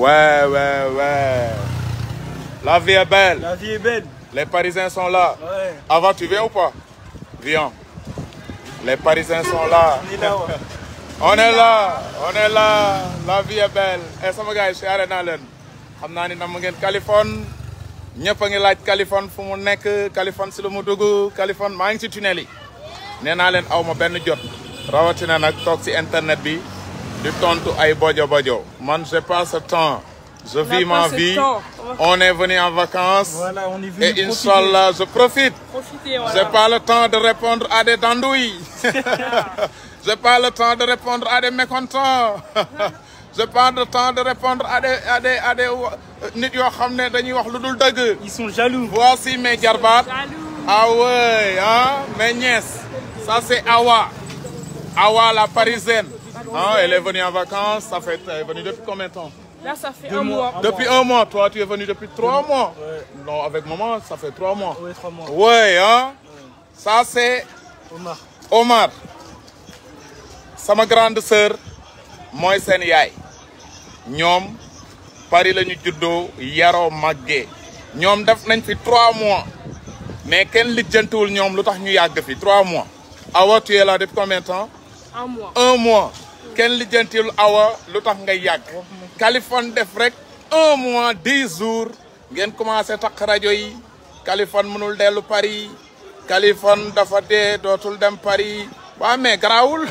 Ouais, ouais, ouais. La vie est belle. La vie est belle. Les Parisiens sont là. Ouais. Avant, tu viens ou pas Viens. Les Parisiens sont là. On est là, on est là. La vie est belle. Et eh, mon gars je suis naa leen xam naa ni nam ngeen Kaliphone ñëpp a ngi laaj Kaliphone fu mu Californie. Kaliphone si lu mu dugg Kaliphone ci tunnel yi nee naa ma benn jot rawatina nag toog si internet bi. Du tontu ay bojo bojo Moi, je pas ce temps je vis ma vie on est venu en vacances voilà, on est venu et je profite Je voilà. pas le temps de répondre à des dandouilles je n'ai pas le temps de répondre à des mécontents je pas le temps de répondre à des à des à des euh, ils sont jaloux. voici mes garbats. ah ouais ah mes nièces. ça c'est Awa. Awa la parisienne. Ah, elle est venue en vacances, ça fait, elle est venue depuis combien de temps Là, ça fait un mois. Depuis un mois, toi, tu es venu depuis trois mois. Non, avec maman, ça fait trois mois. Oui, trois mois. Oui, hein Ça, c'est... Omar. Omar. C'est ma grande sœur, moi, c'est Niaï. Nous, Paris, le Nutudo, Yaro, Magge. Nous avons fait trois mois. Mais quel lidjentoul, nous avons fait trois mois. Awa, tu es là depuis combien de temps Un mois. Un mois. kenn lijjantiwul awa lu tax ngay yàgg Kaliphone def rek un mois dix jours ngeen commencé takk rajo yi Kaliphone mënul dellu Paris kalifon dafa dee dootul dem Paris waaw mais garaawul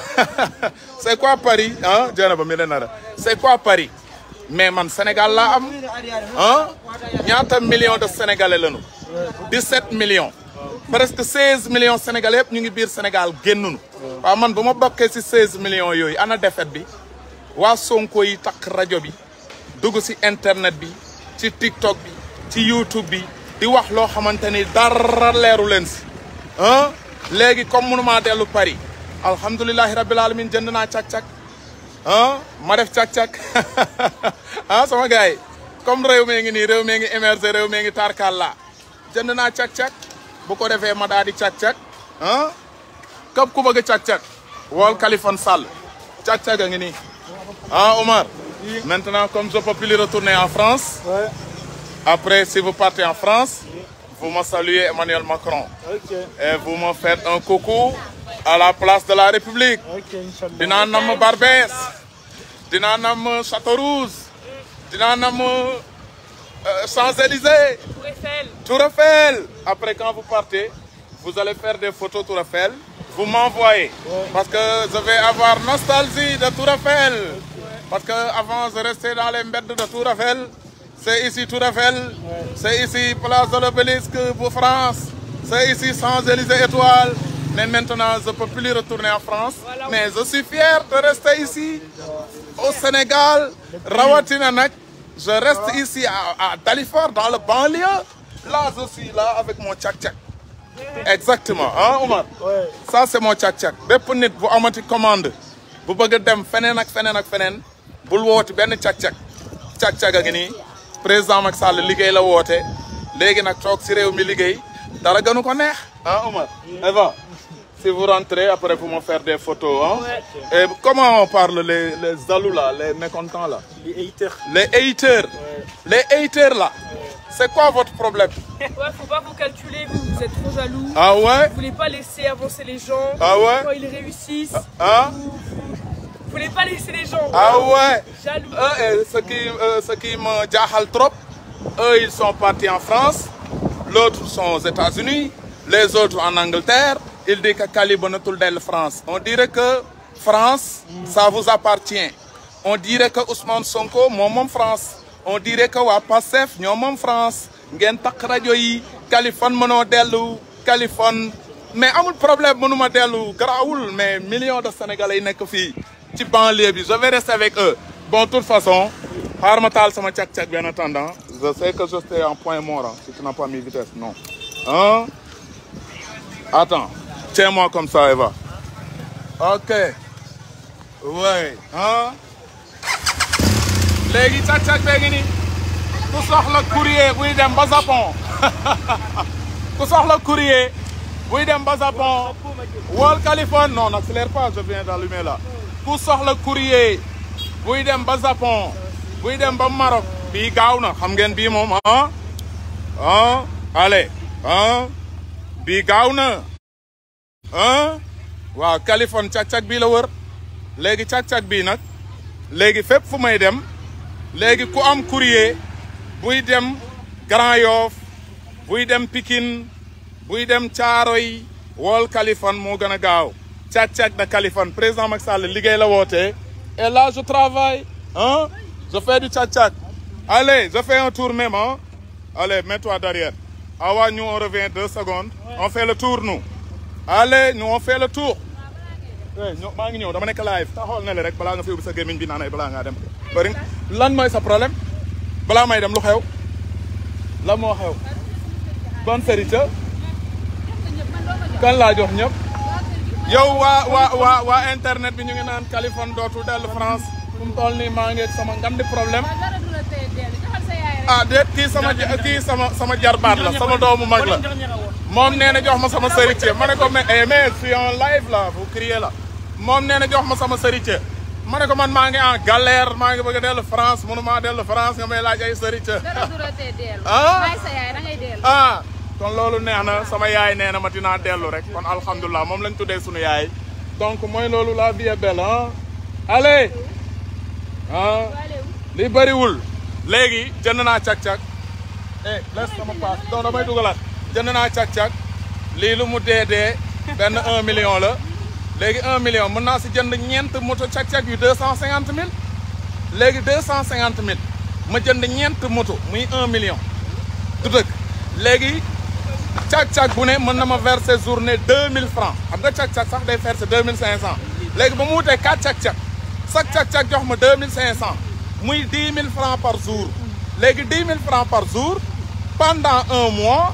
c'est quoi Paris ah jëna ba mi le nara c'est quoi Paris mais man Sénégal laa am ah ñaata millions de Sénégalais lañu 17 millions presque 16 million Sénégalais yëpp ñu ngi biir Sénégal génnuñu waaw man bu ma bokkee si 16 million yooyu ana defet bi waa Sonko yi takk rajo bi dugg si internet bi ci TikTok bi ci YouTube bi di wax loo xamante ni dara leeru leen si ah léegi comme mënumaa dellu Paris alhamdulilahi rabil alamin jënd naa càq-càq ma def càq-càq ah sama gars yi comme réew mee ngi nii réew mee ngi émerger réew mee ngi tarkalla jënd naa càq-càq bu ko defee ma daal di càq Comme ku bëgg càq-càq wool Kalifone Sall chat chat a ah Omar maintenant comme je peux plus retourner en France après si vous partez en France vous me saluez Emmanuel Macron et vous me faites un coucou à la place de la République Dina nam Barbès Dina nam Château Rouge nam euh, Champs-Élysées Tour Eiffel après quand vous partez vous allez faire des photos Tour Eiffel vous m'envoyez. Parce que je vais avoir nostalgie de Tourafel. Parce que avant je restais dans les mbeds de Tourafel. C'est ici Tourafel. C'est ici Place de l'Obélisque pour France. C'est ici Sans-Élysées Étoile. Mais maintenant, je ne peux plus retourner en France. Mais je suis fier de rester ici, au Sénégal, Rawatinanak. Je reste ici à, à dans le banlieue. Là, je suis là avec mon tchak-tchak exactement ah Omar. ça c'est mon càq-càq bépp nit bu une commande bu bëgg a dem feneen ak fenen ak fenen. bul wooti ben càq-càq càq-càq a ngi nii président Macky la woote léegi nag toog si réew mi liggéey dara gënu ko neex ah Omar Eva si vous rentrez après vous me faire des photos hein. et comment on parle les les zalous les mécontents là les haters les haters les haters là c'est quoi votre problème Ouais, faut pas vous calculer, vous, êtes trop jaloux. Ah ouais Vous voulez pas laisser avancer les gens. Ah ouais Quand ils réussissent. Ah vous, ah vous voulez pas laisser les gens. Ah ouais, Jaloux. Euh, ce qui, euh, ce qui me jahal trop, eux ils sont partis en France, l'autre sont aux États-Unis, les autres en Angleterre. Ils disent que Calibonatul del France. On dirait que France, ça vous appartient. On dirait que Ousmane Sonko, mon, mon France on dirait que wa passef ñomom en France ngén tak radio, yi califone mëno déllu califone mais amul problème mënuma déllu garaawul mais millions de sénégalais qui sont fii ci banlieue bi je vais rester avec eux bon toute façon xaar sama càq tchak attendant je sais que je suis en point mort hein, si tu n'as pas mis vitesse non hein attends tiens-moi comme ça Eva ok ouais hein léegi càq-càq bee ngi ni ku soxla courrier buy dem ba Japon ku soxla courrier buy dem ba Japon wóol Californie non n'accélère pas je viens d'allumer là ku soxla courrier buy dem ba Japon buy dem ba Maroc bii gaaw na xam ngeen bii moom ah ah, ah? bii gaaw na ah waaw Californie càq-càq bii la wër léegi càq-càq bii nag léegi fépp fu may dem léegi ku am courrier buy dem Grand Yoff buy dem Pikine buy dem Caaroy wol califan mo gën a gaaw càccac da califan président Macky Sall la woté et là je travaille hein je fais du càccac allez je fais un tour même hein allez mets-toi derrière awa nous on revient deux secondes on fait le tour nous allez nous on fait le tour ñoo maa ngi ñëw dama nekk live ta xool bisa gaming rek balaa nga fi ubbi sa gémmiñ bi naanay balaa ngaa dem bëri lan mooy sa problème balaa may dem lu xew lan moo xew ban sërita kan laa jox ñëpp wa wa waa waa internet bi ñu ngi naan Kaliphone dootul France fu mu toll nii maa ngi sama ngam di problème kan ah déet ti sama kii sama sama jarbaat la sama doomu mag la moom nee na jox ma sama charité mane ne ko mais eh, mais si on live là vous criez là moom nee na jox ma sama charité ma ne ko man maa ngi en galère maa ngi bëgg a dellu France mënuma dellu France nga may laaj ay charité. dara ah? ah, kon loolu neex na sama yaay nee na ma dinaa dellu rek kon alhamdulilah moom lañ tuddee sunu yaay. donc mooy loolu laa vie est belle ah. allez li bëriwul. léegi jënd naa càq-càq eh les sama paas donc damay dugalaat. jënd naa càq-càq lii lu mu dee dee benn un million la léegi un million mën naa si jënd ñeent moto càq-càq yu deux cinquante mille léegi deux cent cinquante mille ma jënd ñeent moto muy un million du dëkk léegi càq-càq bu ne mën na ma verser journée deux mille francs xam nga càq-càq sax day verser deux mille cinq cent léegi ba mu wutee quatre càq-càq chaque càq jox ma deux cinq cent muy dix mille francs par jour léegi dix mille francs par jour pendant un mois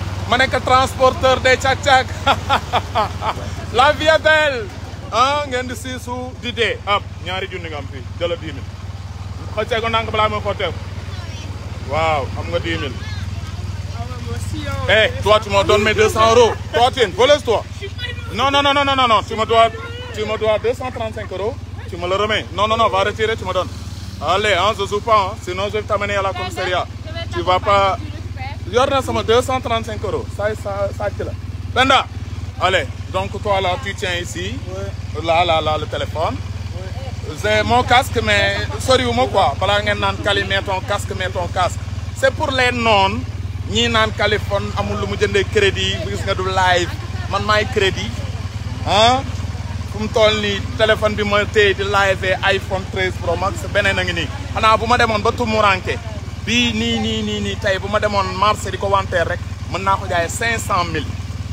suis transporteur des tchak tchak la vie est belle ah suis un siisu di dee ab un eh, toi tu me donnes mes 200 euros toi tu toi non non non non non non tu me dois tu me dois 235 euros tu me le remets non non non va retirer tu me donnes allez hein je joue pas hein. sinon je vais t'amener à la commissariat bah, bah, tu vas pas yor na sama 235 euros ça ça ça sàcc là. Benda, allez donc toi là tu tiens ici. là là là le téléphone. j'ai mon casque mais soriwuma quoi pas ngeen naan Kali mets ton casque mets ton casque. c'est pour les non ni naan téléphone, amul lu mu de crédit gis nga du live man maay crédit Hein? Kum ton toll téléphone bi ma téye di live iPhone 13 Pro Max beneen a ngi nii xanaa bu ma tout ba Tumurànke. bii nii nii nii nii tey bu ma demoon marché di ko wanteer rek mën naa ko jaayee cinq cent mille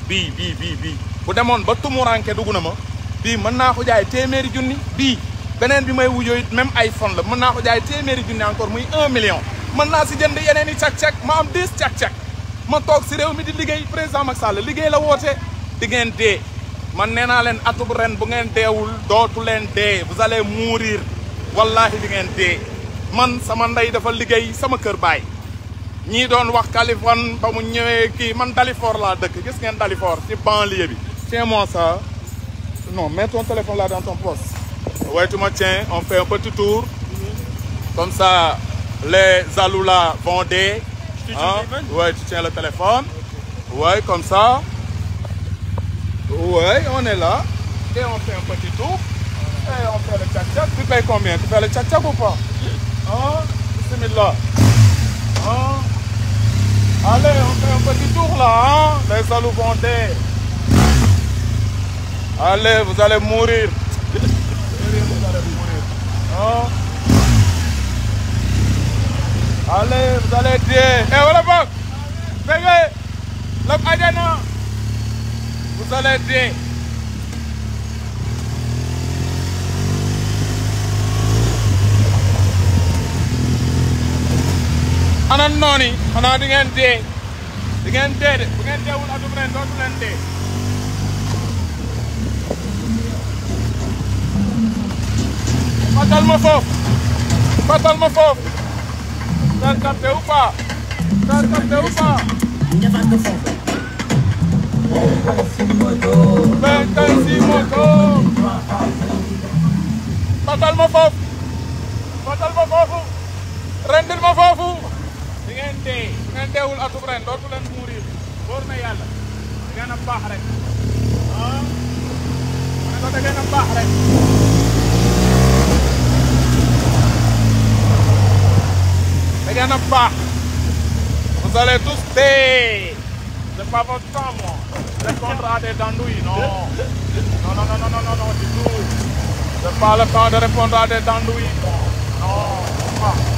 bii bii bii bii bu demoon ba tumuranke dugg na ma bii mën naa ko jaay téeméeri junni bii beneen bi may wujoo it même iPhone la mën naa ko jaay téeméeri junni encore muy un million mën naa si jënd yeneen i càq ma am dix càq-càq ma toog si réew mi di liggéey président Macky Sall liggéey la woote di dee man nee naa leen atub ren bu ngeen deewul dootu leen dee vous allez mourir wallahi di ngeen dee man sama ndey dafa liggéey sama keur bay ñi doon wax Kaliphone ba mu ñëwee ki man Dalifort la dëkk gis ngeen Dalifort ci banlieue bi. tiens-moi ça non mets ton téléphone là dans ton poche. ouais tu me tiens on fait un petit tour comme ça les aloula là vont hein? ouais tu tiens le téléphone. ouais comme ça. ouais on est là. et on fait un petit tour. et on fait le tchat tu payes combien tu fais le tchat ou pas. Hein? Bismillah. Hein Allez, on fait un petit tour là, hein Les saloubondés. Allez, vous allez vous allez mourir. Hein? Allez, vous allez dire. Eh, voilà, Bob. Vous allez dire. ana noon yi xanaa di ngeen dee bu ngeen deewul atum ren dootu leen dee fatal ma foofu ma foofu tan ma foofu fatal ma foofu ngeen deewul atub ren dootu leen muriir wóor na yàlla da ngeen a baax rek ah ma ne ko da ngeen a baax rek da ngeen a baax vous allez tous dee c'est pas votre temps moi le contrat des dandouilles non non non non non non non du tout c'est pas le temps de répondre à des dandouilles non non ah.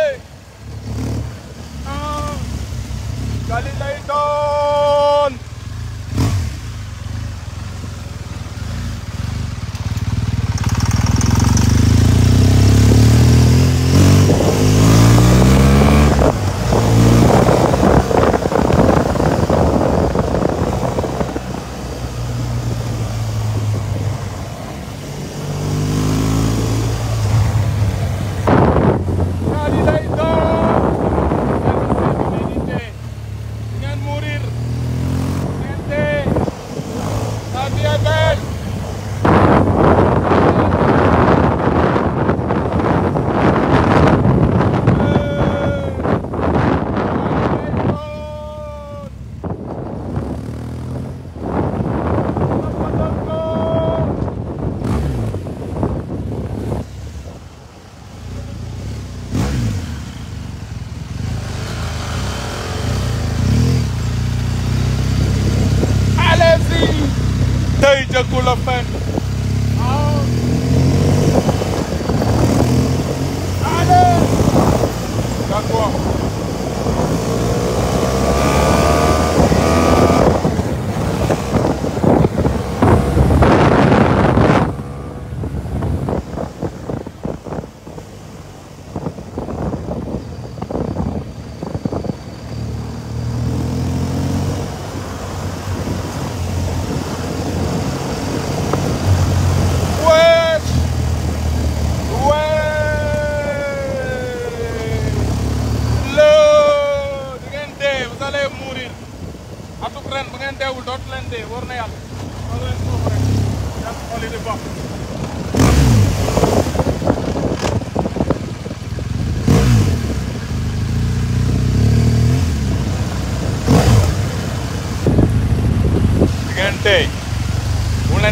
Thank you.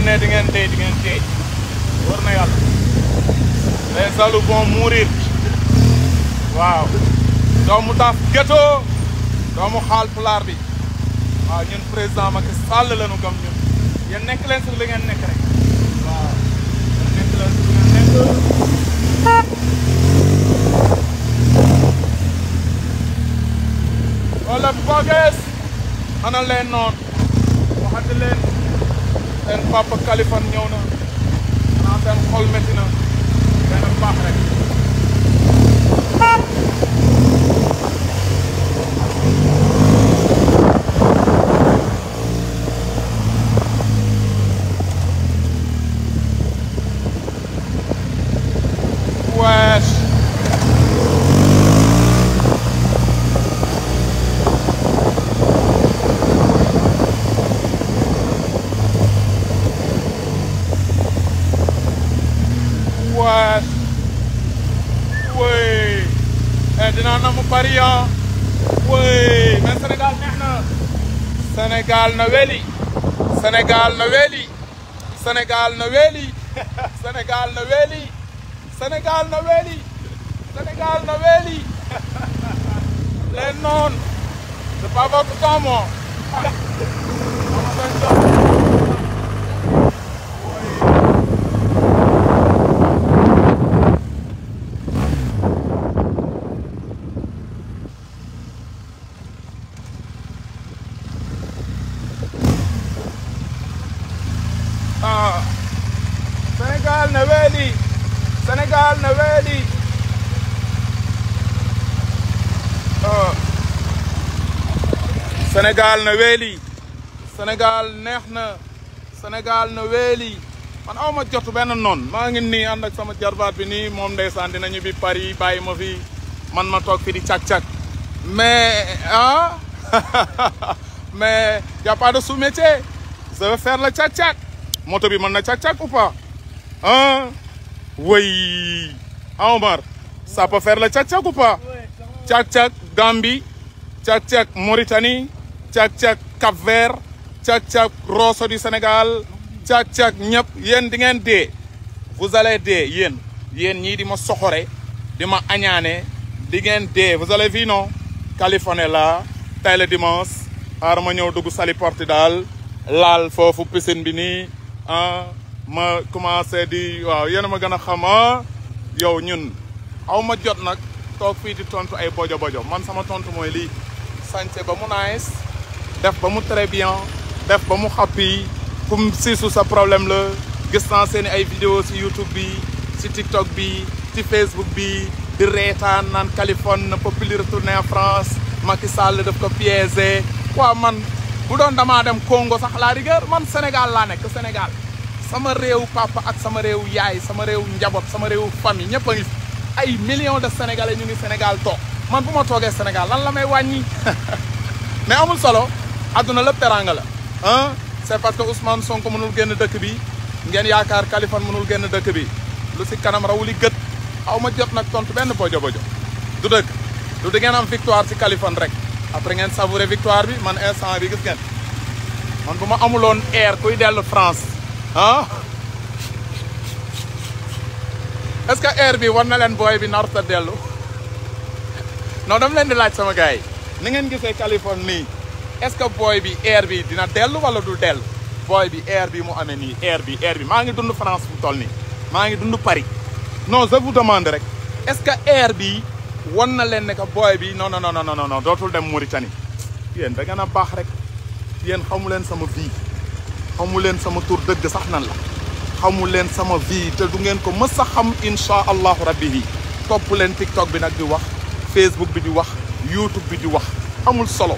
ne di ngeen dee di ngeen dee war na yàlla les salauds vont mourir waaw doomu daaf ghetto doomu xaal pulaar bi waaw ñun président Macky Sall la ñu gëm ñun yéen nekk leen si li ngeen nekk rek waaw yéen nekk leen si li ngeen nekk. wala seen papa Kalifan ñëw na xanaa seen xol métti na benn baax rek dinaa namm Paris ah. na. Sénégal na na weli. na weli. Sénégal na weli. Sénégal na weli. Sénégal na weli. les noon. c'est pas votre temps Sénégal na weeli Sénégal neex na Sénégal na weeli man aw ma jot benn noon maa ngi nii ànd ak sama jarbaat bi ni moom ndeysaan dinañu bi Paris bàyyi ma fi man ma toog fi di càq-càq mais ah mais y pas de sous-métier je la càq-càq moto bi mën na càq-càq ou ah oui ah Omar ça peut la càq-càq ou pas càq-càq Gambie càq-càq càq-càq Cap Vert càq-càq Rosso du Sénégal càq-càq ñëpp yéen di ngeen dee vous allez dee yéen yéen ñii di ma soxore di ma añaane di ngeen dee vous allez vi non Californie la tey la xaar ma ñëw dugg Saly Portudal laal foofu piscine bi nii ah, ma commencé di waaw yéen ma gën a xama ah, yow ñun aw ma jot nag toog fii di tontu ay bojo bojo man sama tontu mooy lii sañse ba mu nice def ba mu très bien def ba mu happy kum siisu sa problème la gis naa seen ay vidéo si YouTube bi si TikTok bi ci Facebook bi di reetaan naan Californie na populi retourné en France Macky Sall daf ko piégé waaw man bu doon damaa dem Congo sax la rigueur man Sénégal laa nekk Sénégal sama réew papa ak sama réew yaay sama réew njaboot sama réew famille ñëpp ngi ay millions de sénégalais ñu ngi Sénégal toog man bu ma toogee Sénégal lan la may wàññi mais amul solo àdduna lépp teraanga la ah c' est parce que Ousmane Sonko mënul génn dëkk bi ngeen yaakaar Kaliphone mënul génn dëkk bi lu si kanam rawuli gët aw ma jot nag tontu benn bojo bojo du dëgg du di ngeen am victoire si Kaliphone rek après ngeen savourer victoire bi man instant bi gis gen man bu ma amuloon air kuy dellu France ah est ce que air bi war na leen booy bi narta dellu non dama leen di laaj sama gars ni ngeen gisee Kaliphone nii est-ce que booy bi air bi dina dellu wala du dellu booy bi air bi mu amee nii air bi air bi maa ngi dund France fu toll nii maa ngi dund Paris non je vous rek est-ce que air bi won na leen ne que booy bi non non non non non dootul dem Mauritanie yéen da ngeen a baax rek yéen xamu leen sama vie xamu leen sama tur dëgg sax nan la xamu leen sama vi te du ngeen ko mës a xam incha allahu rabbi topp leen TikTok bi nag di wax Facebook bi di wax YouTube bi di wax amul solo.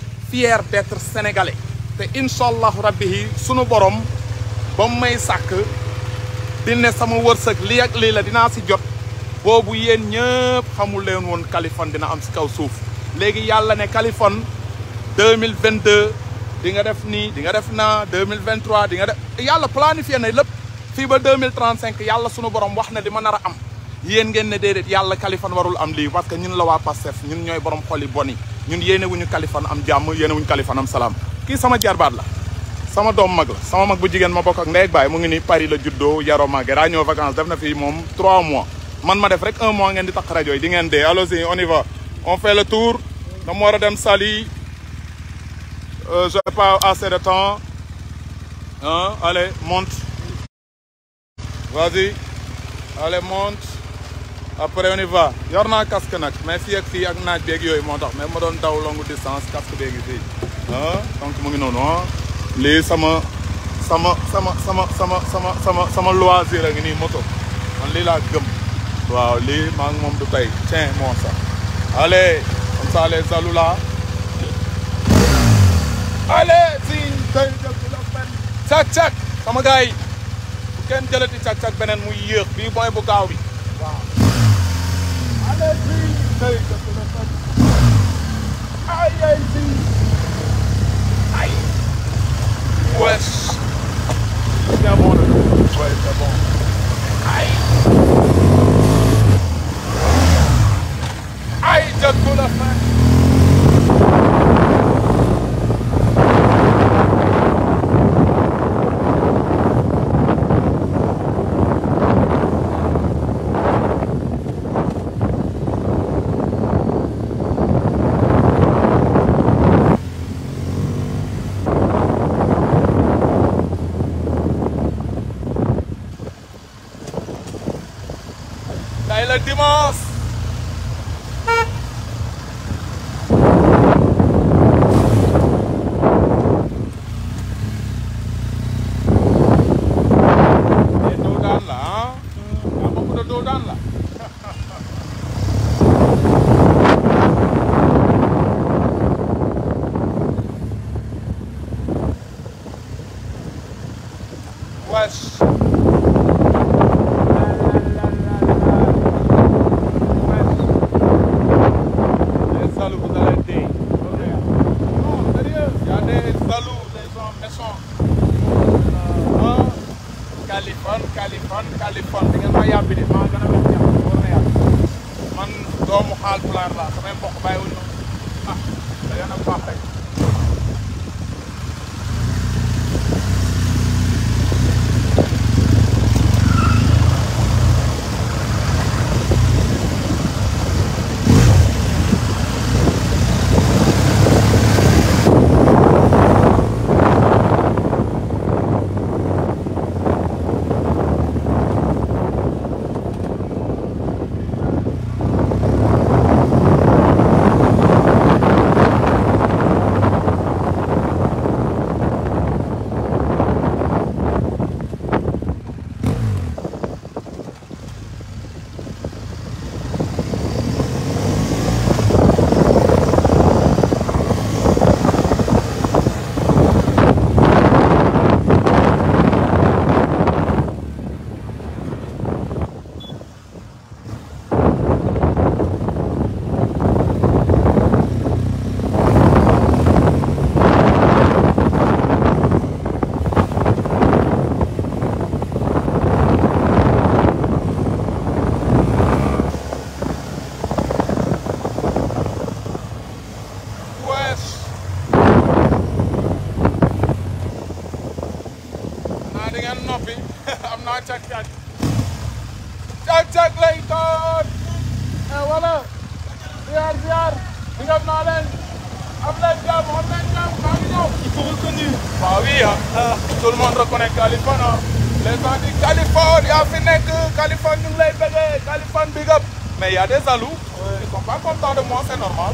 fier d'être sénégalais te inshallah rabbi sunu borom ba may sak di né sama wërseuk li ak li la dina ci jot bobu yeen ñepp xamul leen won califon dina am ci kaw suuf légui yalla ne califon 2022 di nga def ni di nga def na 2023 di nga def yàlla planifié na lépp fii ba 2035 yalla sunu borom wax na li ma am yeen ngeen ne déedéet yalla califon warul am li parce que ñun la wa passef ñun ñoy borom xoli boni ñun yéene wuñu kalifan am jamm yéene wuñu kalifan am salam. ki sama baat la sama dom mag la sama mag bu jigen ma bok ak ndey ak bay mu ngi ni Paris la juddo yaro màggee daa ñoo vacances def na fi mom 3 mois man ma def rek un mois ngeen di taq radio di ngeen dé allo on y va on fait le tour da mo wara dem sali, euh, je n'ai pas assez de temps hein? allez monte vas-y allez monte après on y va yor naa mais fii ak fii ak naaj beeg yooyu moo tax mais ma doon daw longue distance casque beeg yi fii ah, donc mu ngi noonu ah lii sama sama sama sama sama sama sama sama loisir a ngi nii moto man lii laa gëm waaw lii maa ngi moom du tey tiens moo sax allez comme ça les alula allez siñ tey jël la benn cak sama gars yi bu kenn jëlati cak cak beneen muy yéex bii mooy bu gaaw bi West. Tá bom, né? Vai, tô na frente. らっています Il y a des alous qui ne sont pas contents de moi, c'est normal.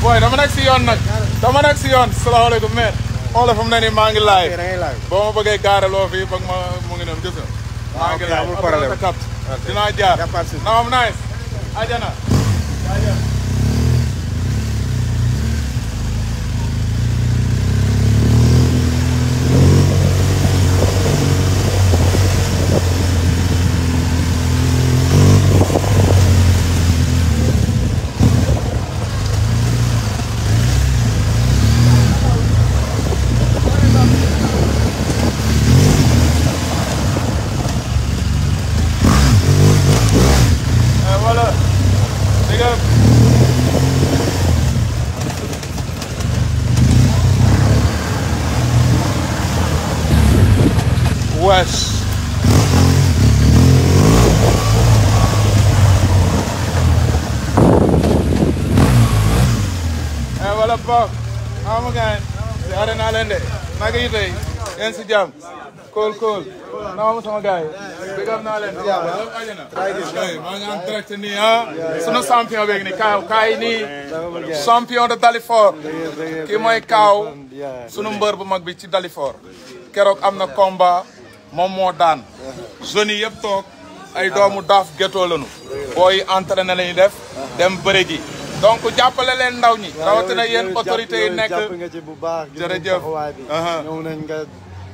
booy dama nekk si yoon nag. dama nekk si yoon salaamaaleykum maire. xoolal fu mu ne nii maa ngi laay. boo ma bëggee gaare loo fii ba ma mu ngi noonu gis nga. amul problème dinaa jaar. na moom ajana. si jàmm kool kool naa ma sama gars yi naa leen si jàmm maa ngi en direct nii sunu champion beeg ni kaaw kaay nii champion de Dalifort kii mooy kaaw sunu mbër bu mag bi ci Dalifort keroog am na combat moom moo daan jeunes yi yëpp toog ay doomu daaf gétoo lanu booy entraîné def dem bëre ji donc jàppale ndaw ñi rawatina yéen autorités yi nekk jërëjëf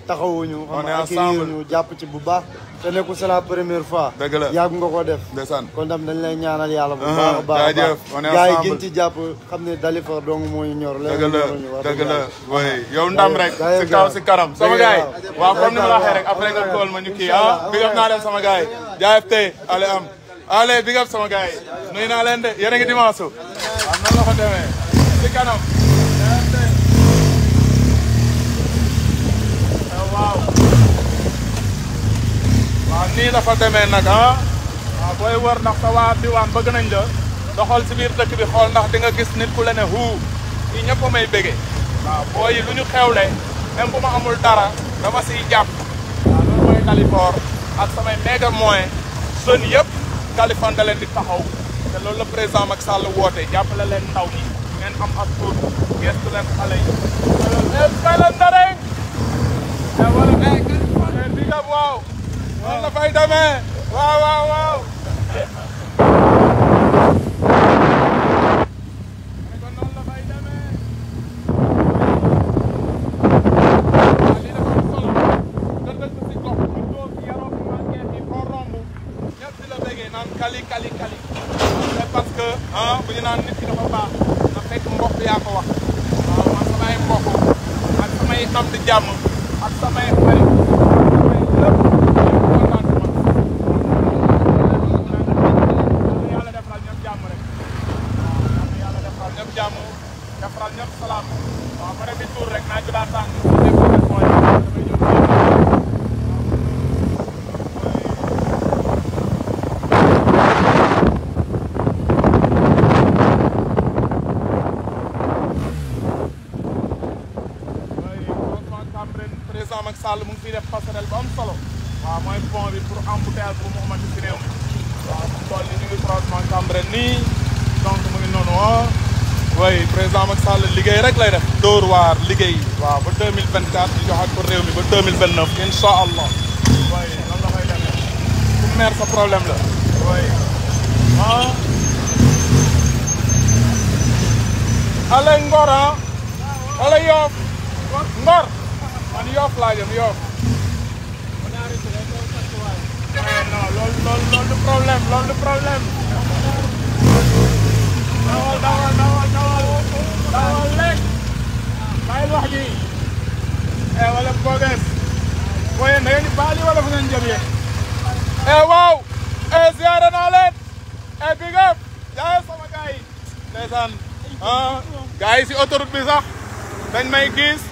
taxawuñu. on est ensemble jàpp ci bu baax. te nekkul c'est la première fois. nga ko def. ndeysaan kon tam dañ lay ñaanal yàlla. bu uh-huh. baax a baax jaajëf ci jàpp xam ne Dalifor dong moo ñu ñor. dëgg la yow ndam rek. si kaw si kanam sama gars yi. waaw comme ni ma rek après nga tool ma ñu kii a ah, big up naa leen sama gars yi. jaajëf tey allez am allez big sama gars yi naa leen de yéen a ngi dimanche. waaw noonu la ko si kanam. waaw nii dafa demee nag ah waaw booy wër ndax sa waa diwaan bëgg nañ la doxal si biir dëkk bi xool ndax di nga gis nit ku la ne huu ñii ñëpp may bége waaw booy yi lu ñu xewle même bu ma amul dara dama siy jàpp waaw loolu mooy Dalifort ak samay méga moyen jeunes yëpp Dalifort da leen di taxaw te loolu la président Macky Sall woote jàppale leen ndaw ñi ngeen am ak tur gestu leen xale yi wala leen dara wala nekk waaw noonu la fay demee waaw waaw waaw Sall mu ngi fiy def passerelle bu am solo waaw mooy pont bi pour embouteillage bu mu xamante si réew mi waaw mu toll ni ñu ngi croisement Cambérène nii donc mu ngi noonu woo ah. way président Macky Sall liggéey rek lay def dóor waar liggéey waaw ba 2024 di joxaat ko réew mi ba 2029 incha allah way lan la koy demee ku meer sa problème la way ah ale ngora ale yoof ngor ah. Yoff laa jëm Yoff. non loolu loolu loolu du problème loolu du problème. dawal dawal dawal dawal dawal lekk. bàyyi wax ji. eh wala Boges. booy yéen da ngeen di baali wala fu ngeen jëm yéen. eh waaw. eh ziare naa leen. eh big up. jaay sama gars yi. ndeysaan ah gars yi si autoroute bi sax dañ may gis.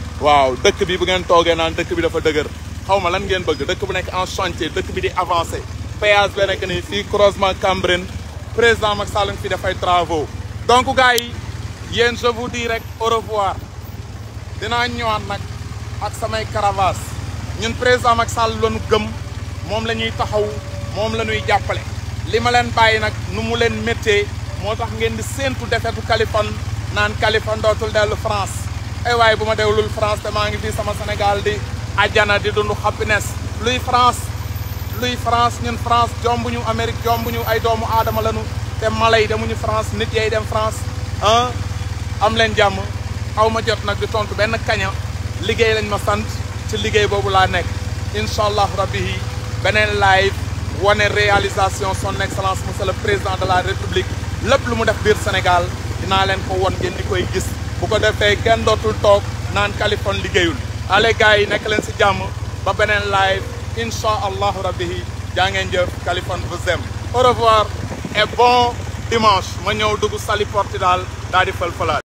waaw dëkk bi bu ngeen toogee naan dëkk bi dafa dëgër xaw lan ngeen bëgg dëkk bu nekk en chantier dëkk bi di avancé péage nekk nii croisement Cambérène président Macky de fi dafay travaux donc gars je vous dis au revoir dinaa ñëwaat nag ak samay caravage ñun président Macky Sall lañu gëm moom la ñuy taxaw moom la ñuy jàppale leen bàyyi nag nu mu leen di France ay eh, waaye bu ma dewlul France te maa ngi fii sama Sénégal di ajana di dund happiness luy France luy France ñun France jombuñu Amérique jombuñu ay doomu aadama lañu te mala yi demuñu France nit yay dem France ah am leen jàmm aw ma jot nag di tontu benn kaña liggéey lañ ma sant ci liggéey boobu laa nekk incha allah rabbi beneen live wane réalisation son excellence monsieur le président de la république lépp lu mu def biir Sénégal dinaa leen ko won ngeen di koy gis bu ko defee kenn dootul toog naan Kaliphone liggéeyul ale yi nekk leen si jàmm ba beneen live incha allahu rabbi jaa ngeen jëf Kaliphone vous aime au revoir et bon dimanche ma ñëw dugg Saly Portudal daal di fël fëlaat